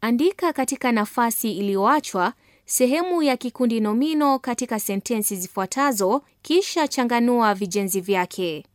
Andika katika nafasi iliyoachwa sehemu ya kikundi nomino katika sentensi zifuatazo, kisha changanua vijenzi vyake.